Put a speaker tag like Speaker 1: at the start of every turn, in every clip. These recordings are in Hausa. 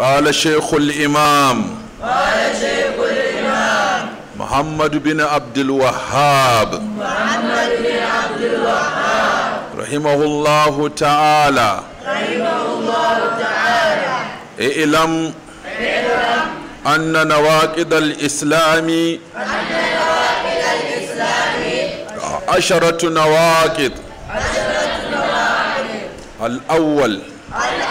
Speaker 1: قال شيخ الإمام قال شيخ الإمام محمد بن عبد الوهاب محمد بن عبد الوهاب رحمه الله تعالى رحمه
Speaker 2: الله تعالى
Speaker 1: اعلم
Speaker 2: اعلم
Speaker 1: أن نواقض الإسلام أن نواقض الإسلام عشرة نواقض عشرة نواقض الأول الأول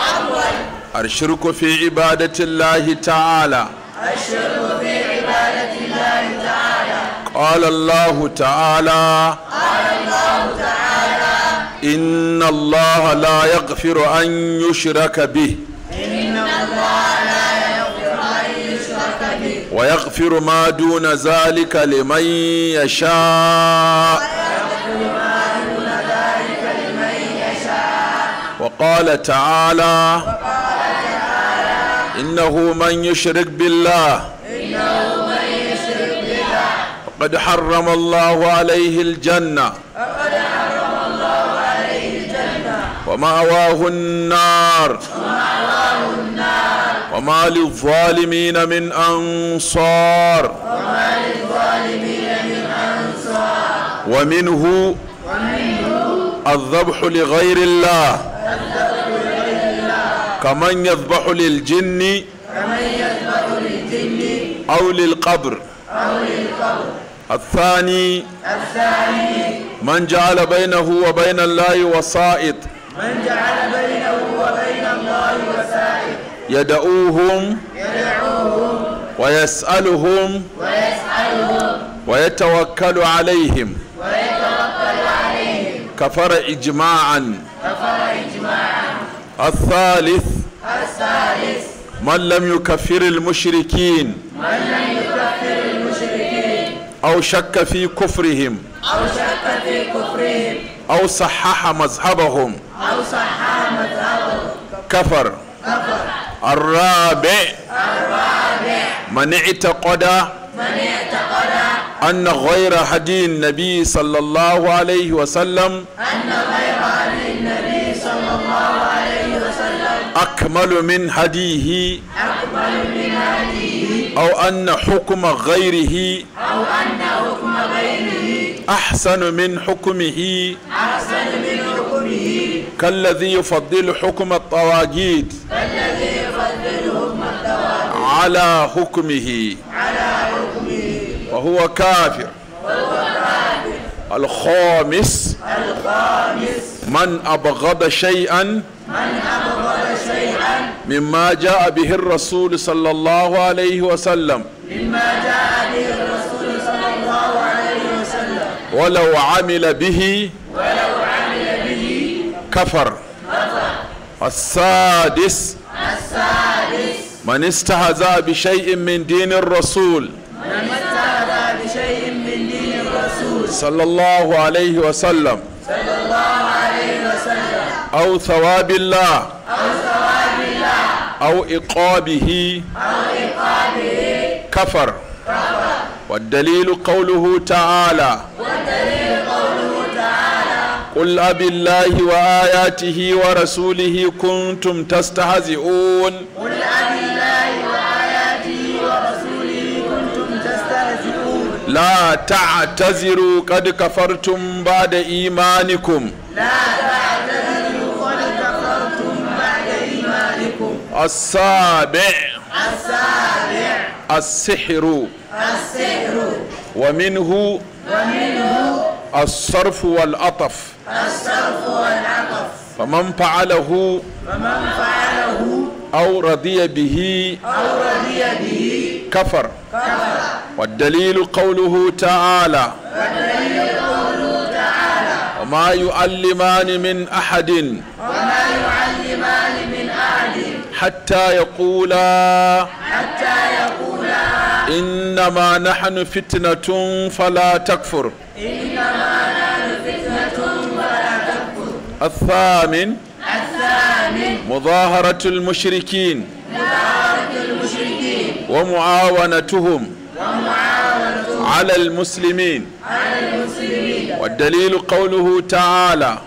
Speaker 1: الشرك في عبادة الله تعالى
Speaker 2: الشرك في عبادة الله
Speaker 1: تعالى قال الله تعالى قال الله تعالى إن الله لا يغفر أن يشرك به
Speaker 2: إن الله لا يغفر أن
Speaker 1: يشرك به ويغفر ما دون ذلك لمن يشاء وقال تعالى إنه من يشرك بالله
Speaker 2: إنه من يشرك بالله
Speaker 1: فقد حرم الله عليه الجنة فقد حرم الله عليه الجنة ومأواه النار ومأواه النار وما للظالمين من أنصار وما للظالمين من أنصار ومنه ومنه الذبح لغير الله كمن يذبح للجن
Speaker 2: كمن يذبح للجن
Speaker 1: أو للقبر أو للقبر الثاني الثاني من جعل بينه وبين الله وسائط من
Speaker 2: جعل بينه وبين الله
Speaker 1: وسائط يدعوهم يدعوهم ويسألهم
Speaker 2: ويسألهم
Speaker 1: ويتوكل عليهم
Speaker 2: ويتوكل عليهم
Speaker 1: كفر إجماعا الثالث
Speaker 2: الثالث
Speaker 1: من لم يكفر المشركين
Speaker 2: من لم يكفر المشركين
Speaker 1: أو شك في كفرهم
Speaker 2: أو شك في كفرهم
Speaker 1: أو صحح مذهبهم
Speaker 2: أو صحح
Speaker 1: مذهبهم كفر كفر الرابع الرابع من اعتقد من اعتقد أن غير هدي النبي صلى الله عليه وسلم
Speaker 2: أن غير
Speaker 1: أكمل من هديه
Speaker 2: أكمل من هديه
Speaker 1: أو أن حكم غيره
Speaker 2: أو أن حكم غيره
Speaker 1: أحسن من حكمه
Speaker 2: أحسن من حكمه
Speaker 1: كالذي يفضل حكم الطواجيد كالذي يفضل حكم الطواجيد على حكمه على حكمه وهو كافر وهو كافر الخامس الخامس من أبغض شيئا من أبغض مما جاء به الرسول صلى الله عليه وسلم
Speaker 2: مما جاء به الرسول صلى الله عليه وسلم
Speaker 1: ولو عمل به ولو
Speaker 2: عمل به كفر كفر
Speaker 1: السادس
Speaker 2: السادس
Speaker 1: من استهزأ بشيء من دين الرسول
Speaker 2: من استهزأ بشيء من دين الرسول
Speaker 1: صلى الله عليه وسلم
Speaker 2: صلى الله عليه وسلم
Speaker 1: أو ثواب الله أو إقابه كفر والدليل قوله تعالى قل أب الله وآياته ورسوله كنتم تستهزئون قل أب
Speaker 2: الله وآياته ورسوله كنتم تستهزئون
Speaker 1: لا تعتذروا قد كفرتم بعد إيمانكم لا تعتذروا السابع السابع السحر
Speaker 2: السحر
Speaker 1: ومنه
Speaker 2: ومنه
Speaker 1: الصرف والعطف الصرف والعطف فمن فعله فمن
Speaker 2: فعله
Speaker 1: أو رضي به أو
Speaker 2: رضي به كفر كفر
Speaker 1: والدليل قوله تعالى
Speaker 2: والدليل قوله
Speaker 1: تعالى وما يعلمان من أحد حتى يقولا
Speaker 2: حتى يقولا
Speaker 1: إنما نحن فتنة فلا تكفر إنما نحن فتنة فلا تكفر الثامن
Speaker 2: الثامن
Speaker 1: مظاهرة المشركين مظاهرة
Speaker 2: المشركين
Speaker 1: ومعاونتهم ومعاونتهم على المسلمين
Speaker 2: على المسلمين
Speaker 1: والدليل قوله تعالى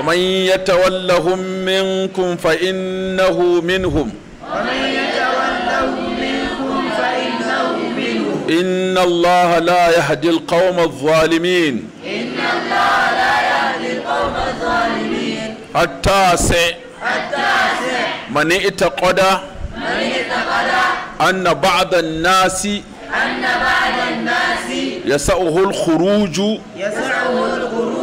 Speaker 1: ومن يتولهم منكم فإنه منهم ومن
Speaker 2: يتولهم منكم فإنه
Speaker 1: منهم إن الله لا يهدي القوم الظالمين إن الله لا يهدي القوم الظالمين التاسع التاسع من اعتقد من اعتقد أن بعض الناس أن
Speaker 2: بعض الناس
Speaker 1: يسعه الخروج يسعه الخروج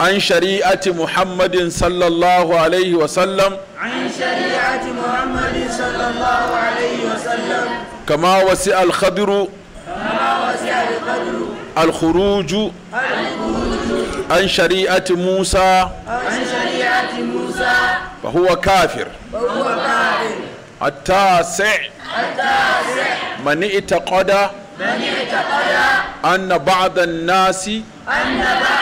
Speaker 1: عن شريعة محمد صلى الله عليه وسلم عن
Speaker 2: شريعة محمد صلى الله عليه
Speaker 1: وسلم كما وسع الخضر
Speaker 2: كما وسع الخضر
Speaker 1: الخروج عن شريعة موسى عن
Speaker 2: شريعة موسى
Speaker 1: فهو كافر فهو كافر التاسع التاسع من اعتقد من
Speaker 2: اعتقد
Speaker 1: أن بعض الناس أن بعض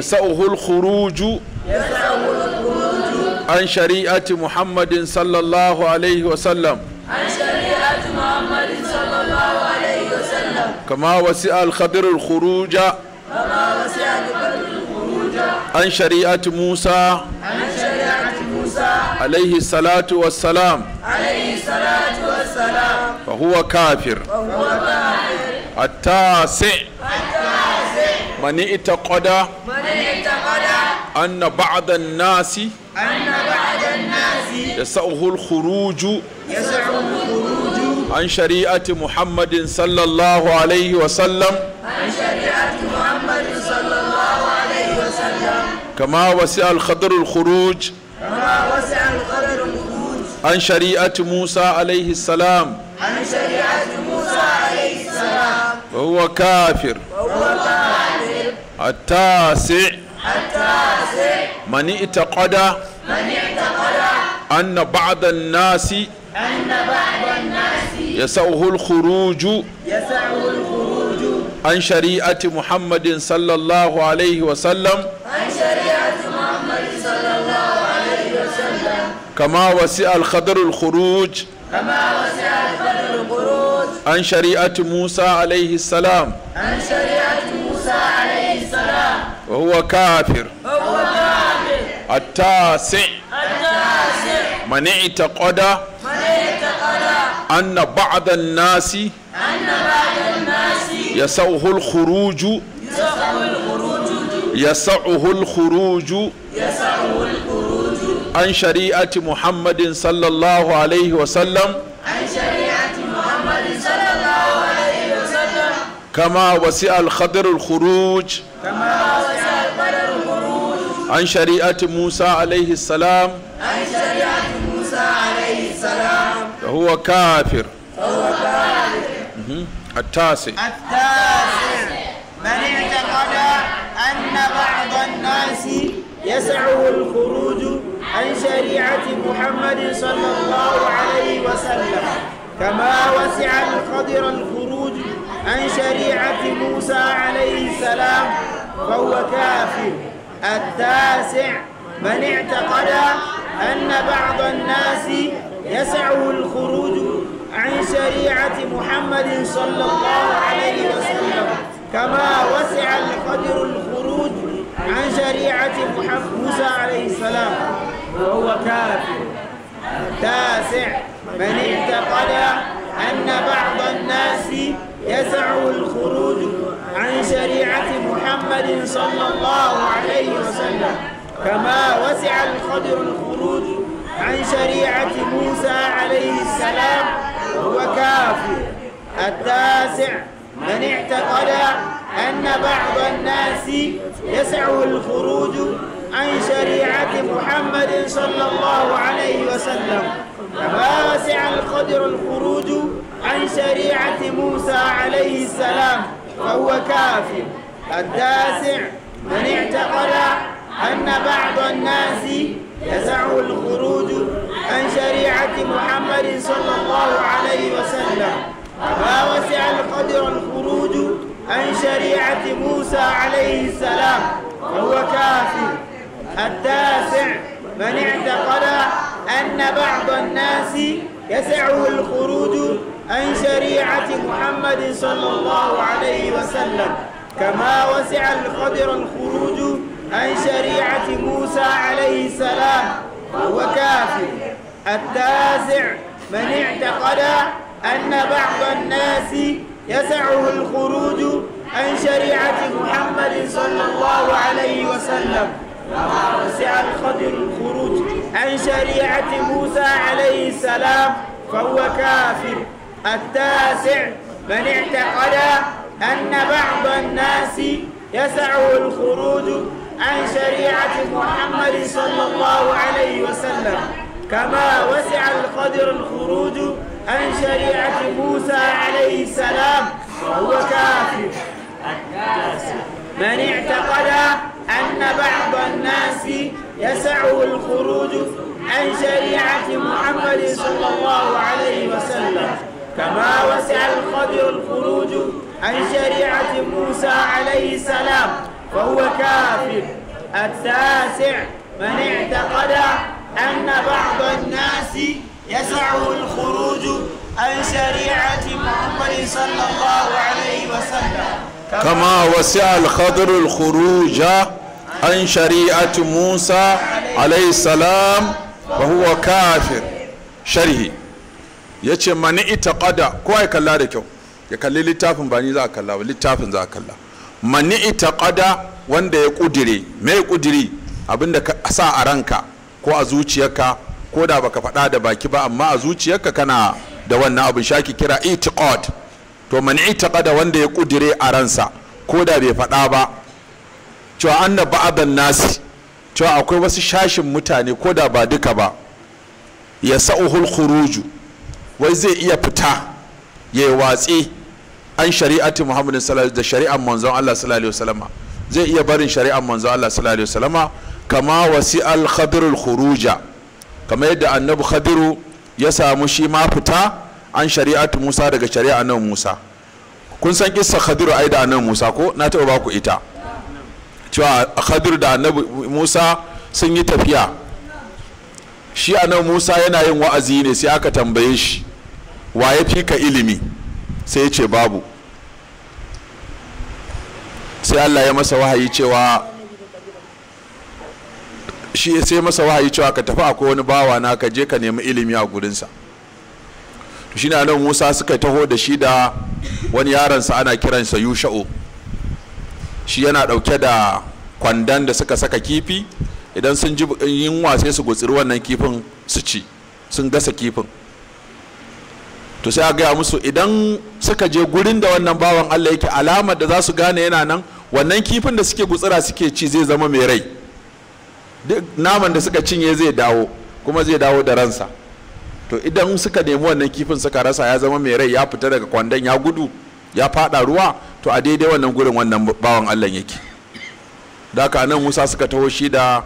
Speaker 1: يسأه الخروج عن شريعة محمد صلى الله عليه وسلم عن شريعة محمد صلى الله عليه وسلم كما وسع الخضر الخروج كما وسع الخضر الخروج عن شريعة موسى عن شريعة موسى عليه الصلاة والسلام
Speaker 2: عليه الصلاة والسلام
Speaker 1: فهو كافر فهو كافر التاسع التاسع من اعتقد أن بعض الناس أن
Speaker 2: بعض الناس
Speaker 1: يسعه الخروج
Speaker 2: يسعه الخروج
Speaker 1: عن شريعة محمد صلى الله عليه وسلم عن شريعة محمد صلى الله عليه وسلم كما وسع الخضر الخروج كما وسع الخضر الخروج عن شريعة موسى عليه السلام
Speaker 2: عن شريعة موسى عليه السلام
Speaker 1: وهو كافر وهو كافر التاسع mani ita ƙada an na ba'adan nasi ya sauhul khuruju an shari'ati muhammadin sallallahu alaihi wasallam kama wasi al-khadarul khuruj an shari'ati musa alaihi salam an وهو كافر هو كافر التاسع
Speaker 2: التاسع
Speaker 1: من اعتقد من اعتقد أن بعض الناس أن بعض الناس يسعه الخروج يسعه الخروج يسعه الخروج يسعه الخروج عن شريعة محمد صلى الله عليه وسلم عن شريعة
Speaker 2: محمد صلى الله عليه
Speaker 1: وسلم كما وسع الخضر الخروج كما عن شريعة موسى عليه السلام عن
Speaker 2: شريعة موسى عليه السلام
Speaker 1: فهو كافر فهو كافر التاسع التاسع
Speaker 2: من اعتقد أن بعض الناس يسعه الخروج عن شريعة محمد صلى الله عليه وسلم كما وسع القدر الخروج عن شريعة موسى عليه السلام فهو كافر التاسع من اعتقد أن بعض الناس يسعه الخروج عن شريعة محمد صلى الله عليه وسلم كما وسع القدر الخروج عن شريعة محمد موسى عليه السلام وهو كافر التاسع من اعتقد أن بعض الناس يسعه الخروج عن شريعة محمد صلى الله عليه وسلم كما وسع القدر الخروج عن شريعة موسى عليه السلام هو كافر التاسع من اعتقد أن بعض الناس يسعه الخروج عن شريعة محمد صلى الله عليه وسلم كما وسع القدر الخروج عن شريعة موسى عليه السلام فهو كافر التاسع من اعتقد أن بعض الناس يسعه الخروج عن شريعة محمد صلى الله عليه وسلم ما وسع القدر الخروج عن شريعة موسى عليه السلام
Speaker 1: فهو كافر
Speaker 2: التاسع
Speaker 1: من اعتقد أن بعض الناس
Speaker 2: يسعه الخروج عن شريعة محمد صلى الله عليه وسلم كما وسع القدر الخروج عن شريعة موسى عليه السلام فهو كافر التاسع
Speaker 1: من اعتقد
Speaker 2: أن بعض الناس يسعه الخروج عن شريعة محمد صلى الله عليه وسلم كما وسع القدر الخروج عن شريعة موسى عليه السلام فهو كافر التاسع من اعتقد أن بعض الناس يسعه الخروج عن شريعة محمد صلى الله عليه وسلم كما وسع القدر الخروج عن شريعة موسى عليه السلام فهو كافر التاسع من اعتقد أن بعض الناس يسعه الخروج عن شريعة محمد صلى الله عليه وسلم كما وسع القدر الخروج عن شريعة موسى عليه السلام فهو كافر التاسع من اعتقد أن بعض الناس يسعه الخروج عن شريعة محمد صلى الله عليه وسلم
Speaker 1: كما وسع الخضر الخروج عن شريعة موسى عليه السلام وهو كافر شرهي ya ce mani ita ƙada ko ya kalla da kyau ya kalli littafin ba ni za a kalla ba littafin za a kalla mani ita ƙada wanda ya ƙudire mai ƙudiri abinda ka sa a ranka ko a zuciyarka ko da baka faɗa da baki ba amma a zuciyarka kana da wannan abin shaki kira itiqad to mani kada wanda ya kudire a ransa ko da bai faɗa ba cewa anna ba'adan nasi cewa akwai wasu shashin mutane ko da ba duka ba ya sa'uhul khuruju wai zai iya fita ya yi watsi an shari'atu Muhammad sallallahu da shari'ar manzon allah sallallahu alaihi wasallama zai iya barin shari'ar manzon allah sallallahu alaihi wasallama kama wasi al khadirul khuruja kama yadda annabi khadiru ya samu shi ma fita an shari'atu musa daga shari'a nan musa kun san kissa khadiru ai da nan musa ko na taɓa ba ku ita cewa khadiru da annabi musa sun yi tafiya shi annabi musa yana yin wa'azi ne sai aka tambaye shi wa ya fi ka ilimi sai ya ce babu sai Allah ya masa wahayi cewa shi sai masa wahayi cewa ka tafi akwai wani bawa na ka je ka nemi ilimi a gurinsa to shi nan Musa suka taho da shi da wani yaransa ana kiransa Yusha'u shi yana dauke da kwandon da suka saka kifi idan sun ji yunwa sai su gutsiri wannan kifin su ci sun gasa kifin to sai a gaya musu idan suka je gurin da wannan bawan Allah yake alamar da za su gane yana nan wannan kifin da suke gutsira suke ci zai zama mai rai duk naman da suka cinye zai dawo kuma zai dawo da ransa to idan suka nemi wannan kifin suka rasa ya zama mai rai ya fita daga kwandon ya gudu ya fada ruwa to a daidai wannan gurin wannan bawan Allah yake da haka nan Musa suka taho shi da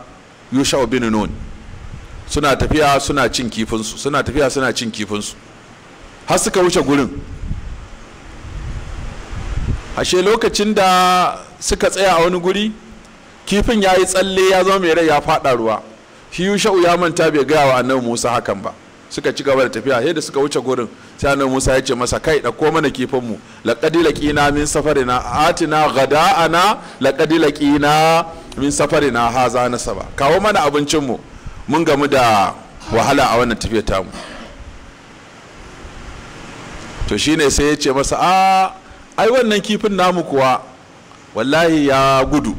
Speaker 1: Yusha bin Nun suna tafiya suna cin kifin su suna tafiya suna cin kifin su. har suka wuce gurin ashe lokacin da suka tsaya a wani guri kifin ya yi tsalle ya zama mai rai ya faɗa ruwa shi sha'u ya manta bai gaya wa annabi musa hakan ba suka ci gaba da tafiya sai da suka wuce gurin sai annabi musa ya ce masa kai ɗauko mana kifin mu laqad laqina min safarina atina ghada'ana laqad laqina min safarina haza nasaba kawo mana abincin mu mun gamu da wahala a wannan tafiyar tamu to shine sai ya ce masa a ai wannan kifin namu kuwa wallahi ya gudu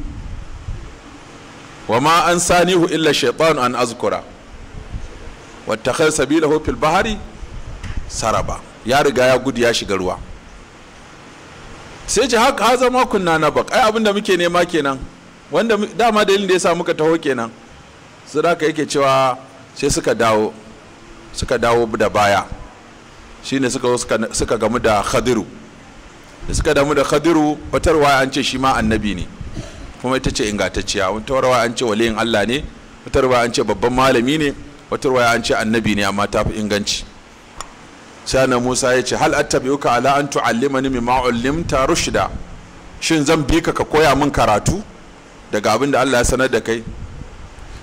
Speaker 1: wa ma an sanihu illa shaitan an azkura wattakhal sabilahu fil bahari saraba ya riga ya gudu ya shiga ruwa sai ce haka ha zama kunna na bak ai abinda muke nema kenan wanda dama dalilin da ya sa muka taho kenan su da yake cewa sai suka dawo suka dawo da baya Shi ne suka gamu da khadiru da suka damu da khadiru watarwa an ce shi ma annabi ne kuma ita ce ingantacciya watarwa an ce waliyin Allah ne watarwa an ce babban malami ne watarwa an ce annabi ne amma ta fi inganci sai Musa ya ce hal attabi'uka ala an tu'allimani mimma ullimta rushda shin zan bi ka ka koya min karatu daga abin da Allah ya sanar da kai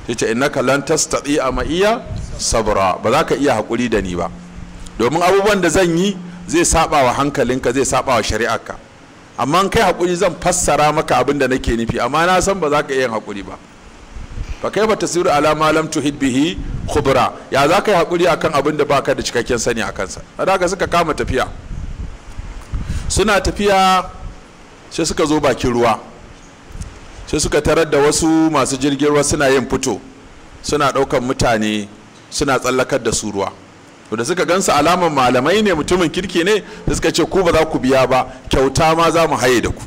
Speaker 1: sai ce innaka lan tastati'a ma iya sabra ba za ka iya hakuri da ni ba domin abubuwan da zan yi zai saba wa hankalinka zai saba wa shari'arka amma kai hakuri zan fassara maka abin da nake nufi amma na san ba za ka iya hakuri ba fa kai ba tasiru ala ma lam tuhid bihi khubra ya za ka yi hakuri akan abin da baka da cikakken sani akan sa haka suka kama tafiya suna tafiya sai suka zo bakin ruwa sai suka tarar da wasu masu jirgin ruwa suna yin fito suna ɗaukan mutane suna tsallakar da su ruwa da suka gansu alaman malamai ne mutumin kirki ne da suka ce ku ba za ku biya ba kyauta ma za mu haye da ku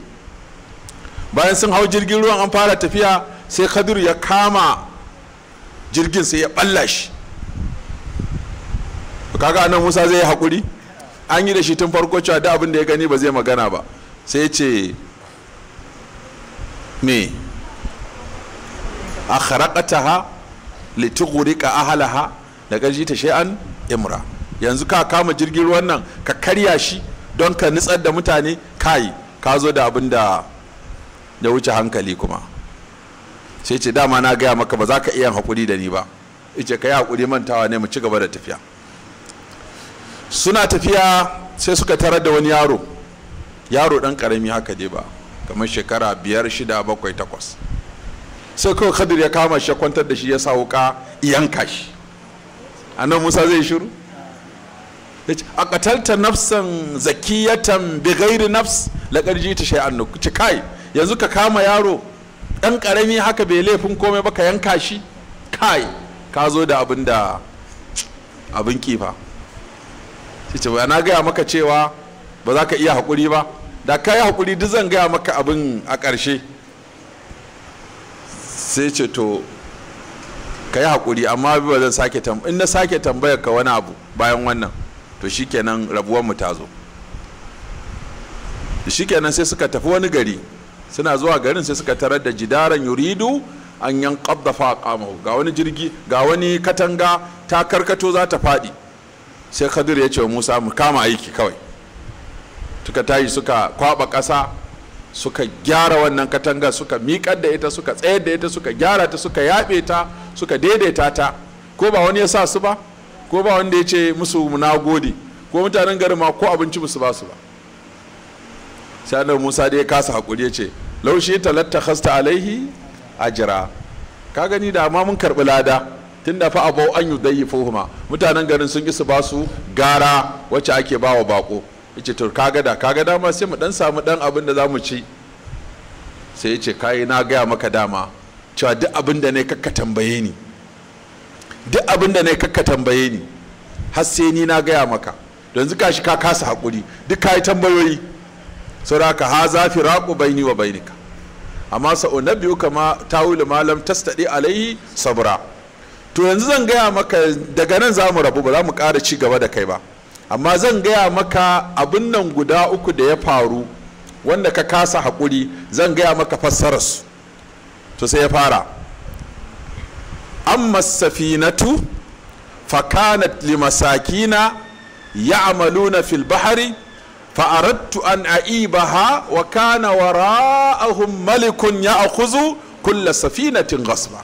Speaker 1: bayan sun hau jirgin ruwan an fara tafiya sai kadir ya kama jirgin sai ya balla shi kaga nan musa zai yi hakuri an yi da shi tun farko cewa da abin da ya gani ba zai magana ba sai ya ce me a kharaqataha litughriqa ahlaha da gaji ta shay'an imra yanzu ka kama jirgin ruwan nan ka karya shi don ka nutsar da mutane kai ka zo da abin da ya wuce hankali kuma sai ce dama na gaya maka ba za ka iya hakuri da ni ba ice ka yi haƙuri mantawa ne mu ci gaba da tafiya suna tafiya sai suka tarar da wani yaro yaro dan karami haka dai ba kamar shekara biyar shida bakwai takwas sai kawai kadir ya kama shi ya kwantar da shi ya sa wuka iyanka shi annabi musa zai shiru a katalta nafsan zakiyatan bi ghairi nafs laqad ta shay'an ci kai yanzu ka kama yaro ɗan ƙarami haka bai laifin komai ba ka yanka shi kai ka zo da abin da abin kifa ce ba na gaya maka cewa ba za ka iya haƙuri ba da ka yi haƙuri duk zan gaya maka abin a ƙarshe sai ce to ka yi haƙuri amma ba zan sake tambaya in sake tambayar ka wani abu bayan wannan to shikenan rabuwar mu ta zo shikenan sai suka tafi wani gari suna zuwa garin sai suka tarar da jidaran yuridu an yan ƙabda fa ga wani jirgi ga wani katanga ta karkato za ta faɗi sai kadir ya ce wa Musa mu kama aiki kawai suka tashi suka kwaɓa ƙasa suka gyara wannan katanga suka miƙar da ita suka tsayar da ita suka gyara ta suka yaɓe ta suka daidaita ta ko ba wani ya sa su ba ko ba wanda ya ce musu na gode ko mutanen garin ma ko abinci musu ba su ba sai annabi Musa dai ya kasa hakuri ya ce laushi talatta hasta alaihi a jira ka gani da ma mun karbi lada tun da fa abau an yi dayi fuhuma mutanen garin sun isa ba su gara wacce ake ba wa bako yace to kaga da kaga dama sai mu dan samu dan abin da za mu ci sai ya ce kai na gaya maka dama cewa duk abin da ne kakka tambaye ni duk abin da ne kakka tambaye ni har sai ni na gaya maka don zuka shi ka kasa haƙuri duk ka yi tambayoyi sauraka ha za fi raƙu baini wa bainika amma sa'o na biyu kama ta wuli malam staɗi alaihi sabura to yanzu zan gaya maka daga nan za mu rabu ba za mu ƙara ci gaba da kai ba amma zan gaya maka abin nan guda uku da ya faru wanda ka kasa haƙuri zan gaya maka fassararsu to sai ya fara amma safinatu fakanat limasakina ya'maluna fil bahari fa'arattu an a'ibaha wa kana wara'ahum malikun ya'khudhu kulla safinatin ghasba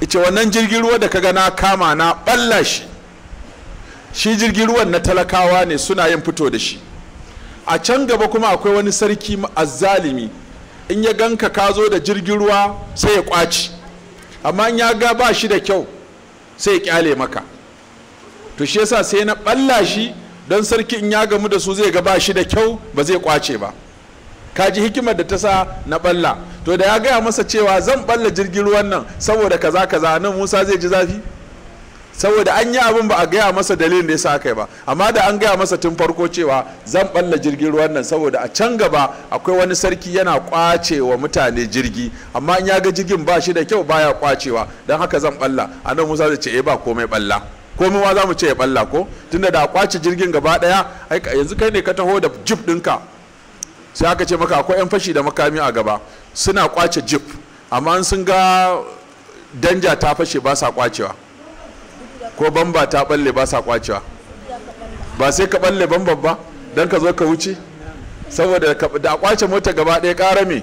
Speaker 1: ice wannan jirgin ruwa da kaga na kama na balla shi shi jirgin ruwan na talakawa ne suna yin fito da shi a can gaba kuma akwai wani sarki azzalimi in ya ganka ka zo da jirgin ruwa sai ya kwaci amma in ya ga ba shi da kyau sai ya kyale maka to shi yasa sai na balla shi don sarki in ya gamu da su zai ga ba shi da kyau ba zai kwace ba ka ji hikimar da ta sa na balla to da ya gaya masa cewa zan balla jirgin ruwan nan saboda kaza kaza nan musa zai ji zafi saboda an yi abin ba a gaya masa dalilin da ya sa kai ba amma da an gaya masa tun farko cewa zan balla jirgin ruwan nan saboda a can gaba akwai wani sarki yana kwace wa mutane jirgi amma in ya ga jirgin ba shi da kyau baya kwacewa don haka zan balla anan musa zai ce eh ba komai balla komai ma za mu ce ya balla ko tunda da kwace jirgin gaba daya yanzu kai ne ka taho da jip dinka sai aka ce maka akwai yan fashi da makami a gaba suna kwace jip amma sun ga danja ta fashe ba sa kwacewa ko bamba ta balle ba sa kwacewa ba sai ka balle bamba ba don ka zo ka wuce saboda da a kwace mota gaba ɗaya ƙara me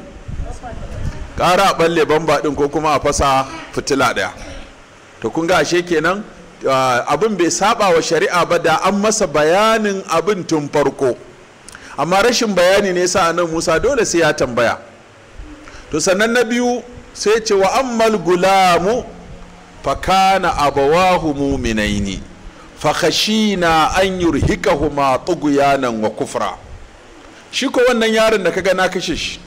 Speaker 1: ƙara a balle bamba ɗin ko kuma a fasa fitila ɗaya to kun ga ashe kenan ah, abin bai saba wa shari'a ba da an masa bayanin abin tun farko amma rashin bayani ne sa nan musa dole sai ya tambaya to sannan na biyu sai ce wa ammal gulamu fakana abawahu muminaini fakashina an yurhikahuma tuguyanan wa kufra shi ko wannan yaron da kaga na kashe shi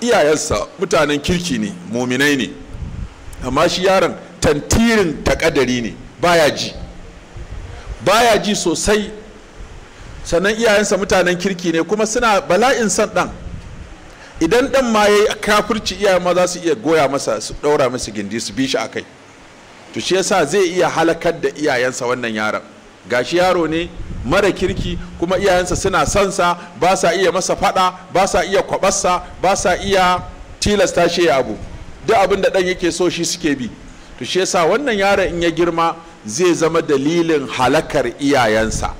Speaker 1: iyayensa mutanen kirki ne muminai ne amma shi yaron tantirin takadari ne baya ji baya ji sosai sannan iyayensa mutanen kirki ne kuma suna bala'in son dan idan dan ma yayi kafirci iyayen ma za su iya goya masa su daura masa gindi su bi shi akai to shi yasa zai iya halakar da iyayensa wannan yaron gashi yaro ne mara kirki kuma iyayensa suna sonsa ba sa iya masa fada ba sa iya kwabarsa ba sa iya tilasta shi ya abu duk abin da dan yake so shi suke bi to shi yasa wannan yaron in ya girma zai zama dalilin halakar iyayensa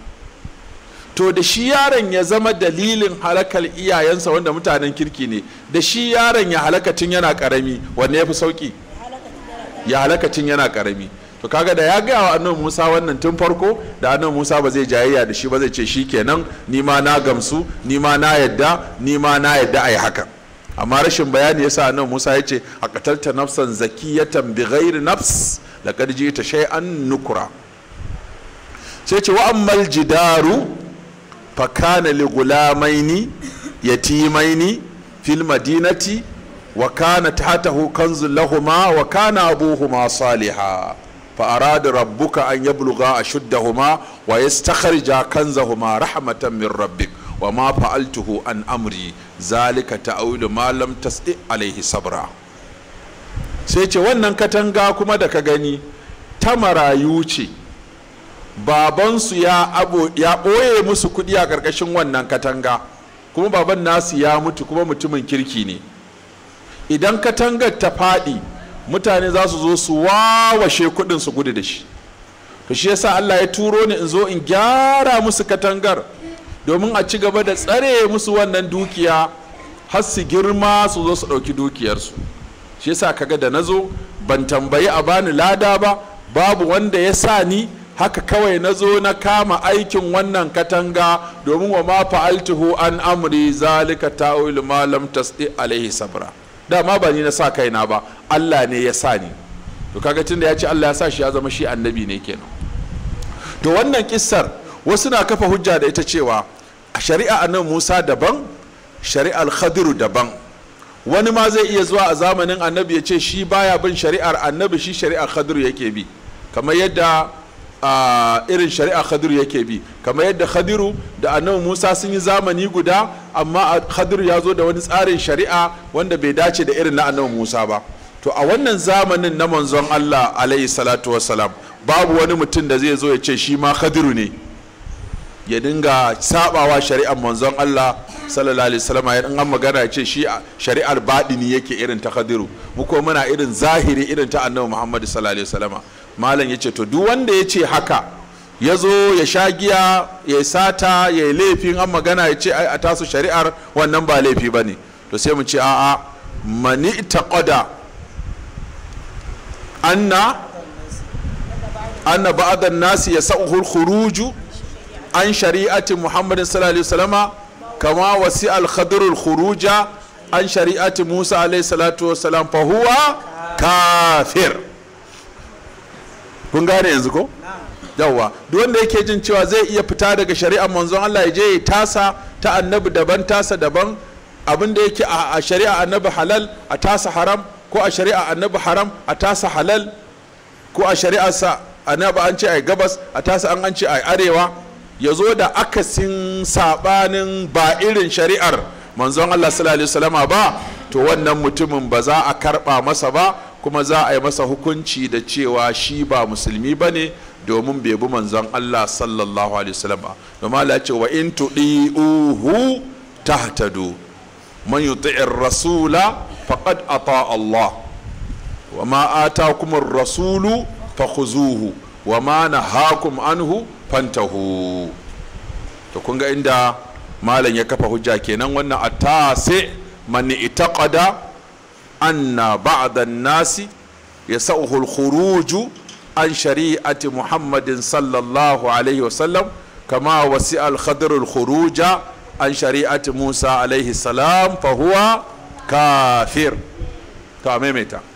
Speaker 1: to da shi yaron ya zama dalilin halakar iyayensa wanda mutanen kirki ne da shi yaron ya halaka tun yana karami wanne ya fi sauki ya halakacin yana karami to kaga da ya gaya wa annabi Musa wannan tun farko da annabi Musa ba zai jayayya da shi ba zai ce shi kenan ni ma na gamsu ni ma na yadda ni ma na yadda ai haka amma rashin bayani yasa annabi Musa ya ce a qatalta nafsan zakiyatan bi ghairi nafs laqad ji'ta shay'an nukra sai ce wa ammal jidaru fa kana li gulamaini yatimaini fil madinati wa kana tahtahu kanzun lahuma wa kana abuhuma saliha fa arada rabbuka an yabluga ashuddahuma wa yastakhrija kanzahuma rahmatan min rabbik wa ma fa'altuhu an amri zalika ta'awilu ma lam tasdi alaihi sabra sai ce wannan katanga kuma da ka gani ta marayu ce babansu ya abo ya ɓoye musu kuɗi a ƙarƙashin wannan katanga kuma baban nasu ya mutu kuma mutumin kirki ne idan katangar ta faɗi mutane za su zo su wawashe kuɗin su gudu da shi to shi yasa Allah ya turo ni in zo in gyara musu katangar domin a ci gaba da tsare musu wannan dukiya har su girma su zo su ɗauki dukiyarsu shi yasa kaga da nazo ban tambayi a bani lada ba babu wanda ya sa ni haka kawai na zo na kama aikin wannan katanga domin wa ma fa'altuhu an amri zalika ta'ul ma lam tasdi alaihi sabra dama ba ni na sa kai na ba Allah ne ya sa ni to kaga tunda ya ce Allah ya sa shi ya zama shi annabi ne kenan to wannan kissar wasu na kafa hujja da ita cewa a shari'a annabi Musa daban shari'ar Khadiru daban wani ma zai iya zuwa a zamanin annabi ya ce shi baya bin shari'ar annabi shi shari'ar Khadiru yake bi kamar yadda a irin shari'a khadiru yake bi kamar yadda khadiru da annabi musa sun yi zamani guda amma khadir ya zo da wani tsarin shari'a wanda bai dace da irin na annabi musa ba to a wannan zamanin na manzon allah alayhi salatu wasalam babu wani mutum da zai zo ya ce shi ma khadiru ne ya dinga sabawa shari'ar manzon allah sallallahu alaihi wasallam ya dinga magana ya ce shi shari'ar badini yake irin ta khadiru mu ko muna irin zahiri irin ta annabi muhammad sallallahu alaihi wasallam malam yace to duk wanda yace haka ya zo ya sha giya ya sata ya yi laifin an magana ya ce a tasu shari'ar wannan ba laifi ba ne to sai mu ce a'a mani taqada anna anna ba'd nasi ya al-khuruju an shari'ati muhammadin sallallahu alaihi wasallama kama wasi al-khadr khuruja an shari'ati musa alaihi salatu wasalam fa huwa kafir kun gane yanzu ko yawwa duk wanda yake jin cewa zai iya fita daga shari'ar manzon Allah ya je ya tasa ta annabi daban tasa daban abin da yake a shari'a annabi halal a tasa haram ko a shari'a annabi haram a tasa halal ko a shari'arsa annabi an ce a gabas a tasa an an ce a arewa ya zo da akasin sabanin ba irin shari'ar manzon Allah sallallahu alaihi wasallama ba to wannan mutumin ba za a karba masa ba kuma za a yi masa hukunci da cewa shi ba musulmi ba ne domin bai bi manzon Allah sallallahu alaihi wasallam ba domin Allah ya ce wa in tudiuhu tahtadu man yuti'ir rasula faqad ata Allah wa ma atakum ar-rasulu fakhuzuhu wa ma nahakum anhu fantahu to kun ga inda malam ya kafa hujja kenan wannan atase man itaqada anna ba'da nasi ya al-khuruju an shari'ati Muhammadin sallallahu alaihi wasallam kama wasi'a al khuruja an shari'ati Musa alaihi
Speaker 2: salam fa huwa kafir to maimaita